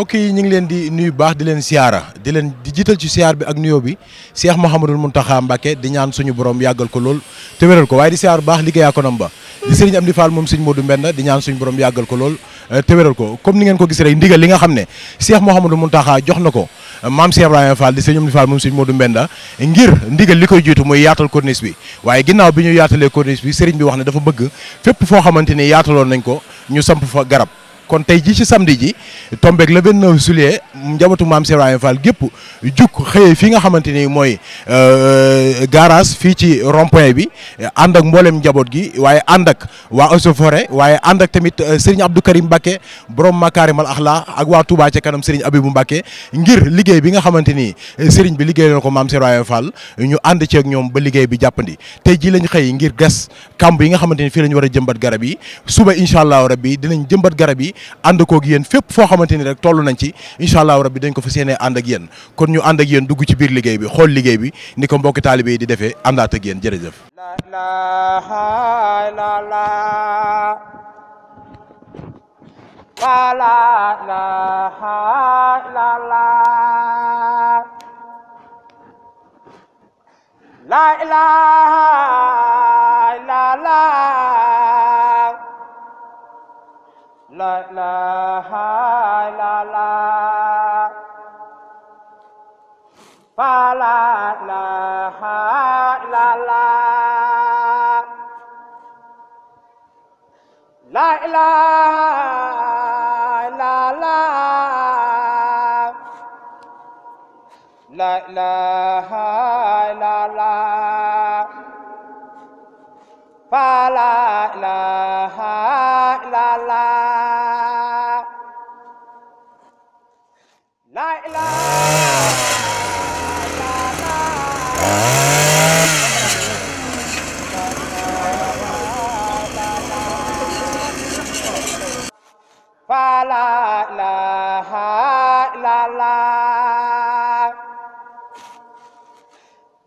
mbokk yi ñu ngi leen di nuyu baax di leen siyaara di leen di jiital ci siyaar bi ak nuyoo bi Cheikh Mouhamadul Mountakha Mbacké di ñaan suñu borom yàggal ko lool te wéral ko waaye di siyaar baax ko nam ba di sëriñ Amdi Fall moom sëriñ Modou Mbenda ko lool eh, te wéral comme ni ngeen ko gis rek ndigal li nga xam ne Cheikh Mouhamadul Mountakha jox na ko eh, maam Cheikh Ibrahima Fall di ndigal li koy jiitu mooy yaatal corniche bi waaye ginnaaw bi ñu yaatalee corniche bi sëriñ bi wax ne dafa bëgg fépp foo xamante ni yaataloon nañ ko ñu samp fa garab kon tey ji ci samedi ji tombeeg le 29 juillet njabootu maam Cheikh Ibrahima gépp jukk xëyee fi nga xamante ni mooy euh, garage fii ci rompoin bi ànd ak mboolem njaboot gi waaye ànd ak waa Eaux et Forêts waaye ànd ak tamit euh, Serigne Abdou Karim Mbacké borom Makarimal Akhlaq ak waa Touba ci kanam Serigne Abibou Mbacké ngir liggéey bi nga xamante ni euh, Serigne bi liggéey na ko maam Cheikh Ibrahima Fall ñu ànd ci ñoom ba liggéey bi jàppandi tey ji lañ xëy ngir gas kam yi nga xamante ni fii la war a jëmbat garab yi suba incha allahu rabbi dinañ jëmbat garab yi ànd koog yéen fépp foo xamante ni rek toll nañ ci incha allahu rabbi dañ ko fas yéene ànd ak yéen kon ñu ànd ak yéen dugg ci biir liggéey bi xool liggéey bi ni ko mbokki taalibe yi di defee àndaat ak yéen jërëjëf La la laa ilaaha illallaah laa ilaaha illallaah faa laa ilaaha illallaah laa ilaaha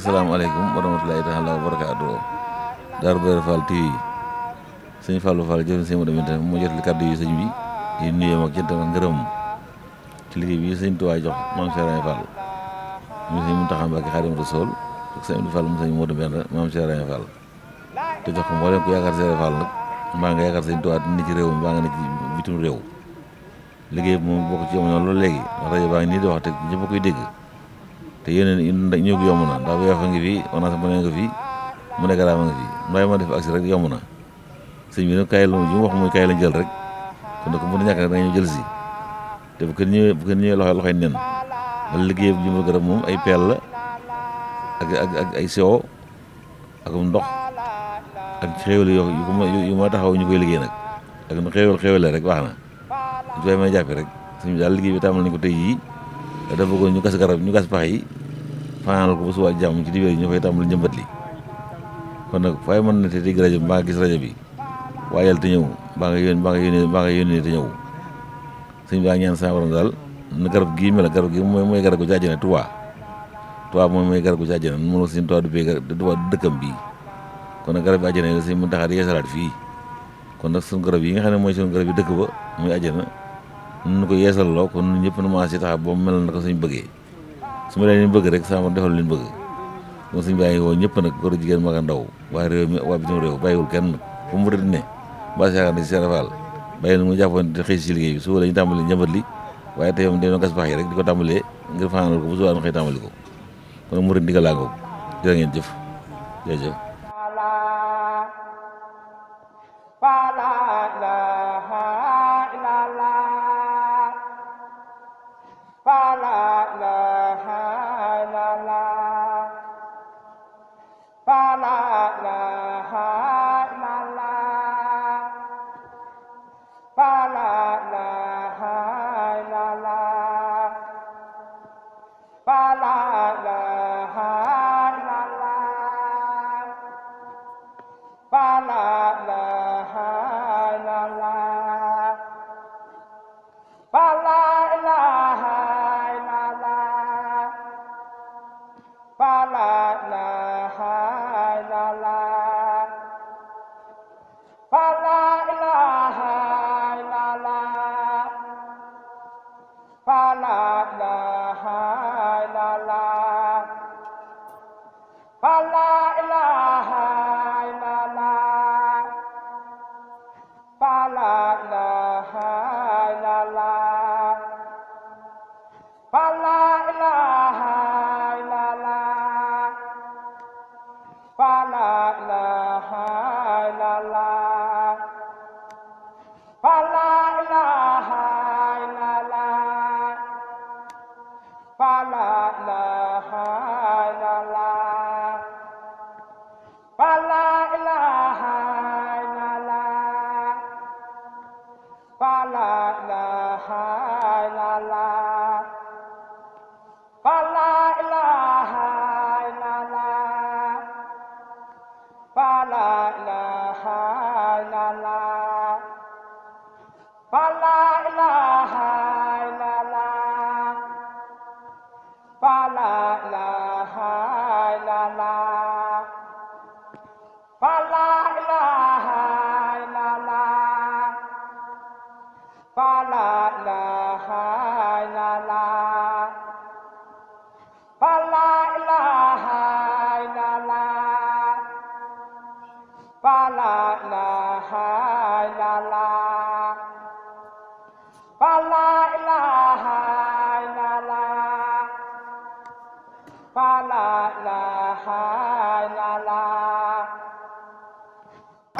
asalaamaaleykum wa rahmatulahi taala wa barakaatu Darou Bairé Fall TV sëñ Fallou Fall jëriñ sëñ kàddu yu sëñ bi di nuyoo ak jëntam ak ngërëm jox maam Cheikh Fall mu sëñ Mountakha Mbacké Xaadimu Rasuul ak sëñ Fall mu sëñ Modou Mbente maam Cheikh Fall te jox ko mboolem ku yaakaar réew liggéey bi moom bokk ci jamono loolu léegi rajo baa ngi nii di wax te ñëpp koy dégg te yeneen ñëw gi yomb na ndax bu yafa ngi fi onance mu ne nga fi mu ne garaama ma def agsi rek yomb na sëñ bi nag kaay lu mu wax muy kaay la jël rek kon mën a ñàkk jël si te bu ko ñëwee bu ko ñëwee loxo loxoy nen wala liggéey bu garab moom ay pel la ak ak ay sewo ak ndox ak xéewal yoo yu ma taxaw ñu koy liggéey nag ak xéewal xéewal rek baax na ñu koy may jàppe rek suñu daal liggéey bi tàmbali nañ ko tey yii dafa bëggoon ñu gas garab ñu gas pax yi fanaanal ko ba suba jàmm ci dibéer yi ñu fay tàmbali njëmbat kon nag fay mën na te dégg rajo bi mbaa gis rajo bi waajal te ñëw mbaa nga yónnee mbaa nga yónnee mbaa nga ñëw sëñ baa ñaan sama borom dal na garab gii mel garab gi mooy mooy garab gu ci tuwa Tuubaa Tuubaa mooy mooy garab gu ci àjjana mënoo sëñ Tuubaa duppee Tuubaa dëkkam bii kon nag garab bi àjjana yi mu taxaat yeesalaat fii kon nag suñu garab yi nga xam ne mooy suñu garab yi dëkk ba muy àjjana nun ko yeesal loo kon ñun ñëpp nu ma si taxaw boo mel na ko suñ bëggee su ma leen bëgg rek sama defal leen bëgg moom suñ bàyyi woo ñëpp nag góor jigéen mag a ndaw waa réew mi waa bitim réew bàyyiwul kenn fu mu rëdd ne mbaa si yaakaar ne si serafal bàyyi na mu jàppoon te xëy si liggéey bi suba la ñu tàmbali njëmbat li waaye tey moom dañoo gas baax yi rek di ko tàmbalee ngir fanaanal ko bu subaa nu xëy tàmbali ko kon mu rëdd ndigal laa ngoog jërë ngeen jëf jërëjëf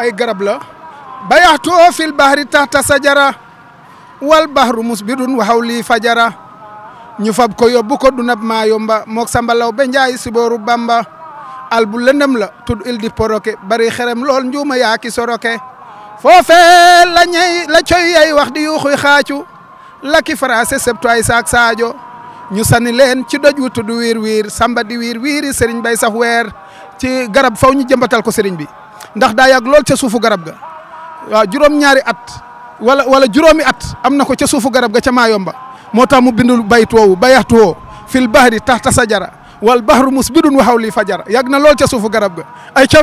ay garab la bayaxtoo fil bahri tahta sajara wal bahru musbidun wa hawli fajara ñu fab ko yóbbu ko dunab maa ba mook sambalaw be njaay sibooru bamba al bu la tud il di bari xerem lool njuuma yaaki soroke foofe la ñey la coy yay wax di yuuxuy xaacu laki faraase sebtu ay saak saajo ñu sani leen ci doj wu tudd wiir wiir samba di wiir wiiri sëriñ bay sax weer ci garab faw ñu jëmbatal ko sëriñ bi ndax daa yàgg lool ca suufu garab ga waaw juróom-ñaari at wala wala juróomi at am na ko ca suufu garab ga ca Maayomba moo tax mu bindul bayt woowu bayaxtu woo fil bahri tahta sajara wal bahru musbidun waxaw hawli fajara yàgg na lool ca suufu garab ga ay ca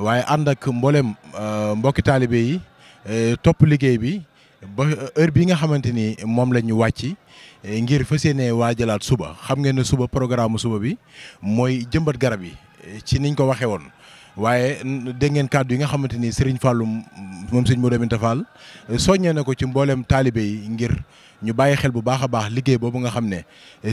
waaye ànd ak mboolem euh, mbokki taalibe yi euh, topp liggéey bi ba heure bi nga xamante ni moom la ñu wàcc euh, ngir fas yéene waajalaat suba xam ngeen ne suba programme suba bi mooy jëmbat garab yi ci niñ ko waxee woon. waaye dégg ngeen kàddu yi nga xamante ni Serigne Fallou moom sëñ Modou Aminta Fall soññee na ko ci mbooleem taalibe yi ngir ñu bàyyi xel bu baax a baax liggéey boobu nga xam ne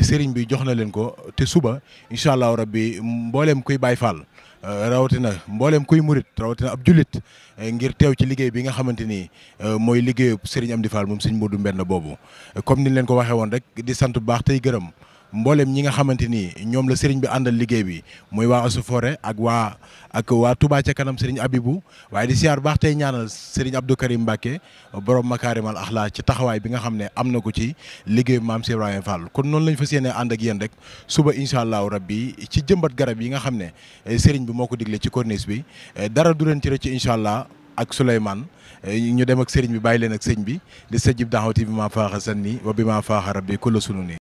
Serigne bi jox na leen ko te suba incha allahu rabbi mboolem kuy bàyyi Fall. Euh, rawatina mboolem kuy murit rawatina ab jullit euh, ngir teew ci liggéey bi nga xamante ni euh, mooy liggéeyu am di fal moom Serigne Modou Mbenn boobu comme ni ñu leen ko waxee woon rek di sant bu baax tey gërëm mbooleem ñi nga xamante ni ñoom la sëriñ bi àndal liggéey bi muy waa Eaux et ak waa ak waa Touba ca kanam sëriñ Abibou waaye di siyaar baax tey ñaanal sëriñ Abdou Karim Mbacke borom makaarimal axlaa ci taxawaay bi nga xam ne am na ko ci liggéey maam Cheikh Ibrahima Fall kon noonu lañu fa yéenee ànd ak yéen rek suba incha allahu rabbi ci jëmbat garab yi nga xam ne eh, sëriñ bi moo ko digle ci corniche bi eh, dara du leen ci rëcc incha allah ak Souleymane eh, ñu dem ak sëriñ bi bàyyi leen ak sëriñ bi di sajib daxawti bi maa faaxa sanni wa bi maa faaxa rabbi kullu sunu ni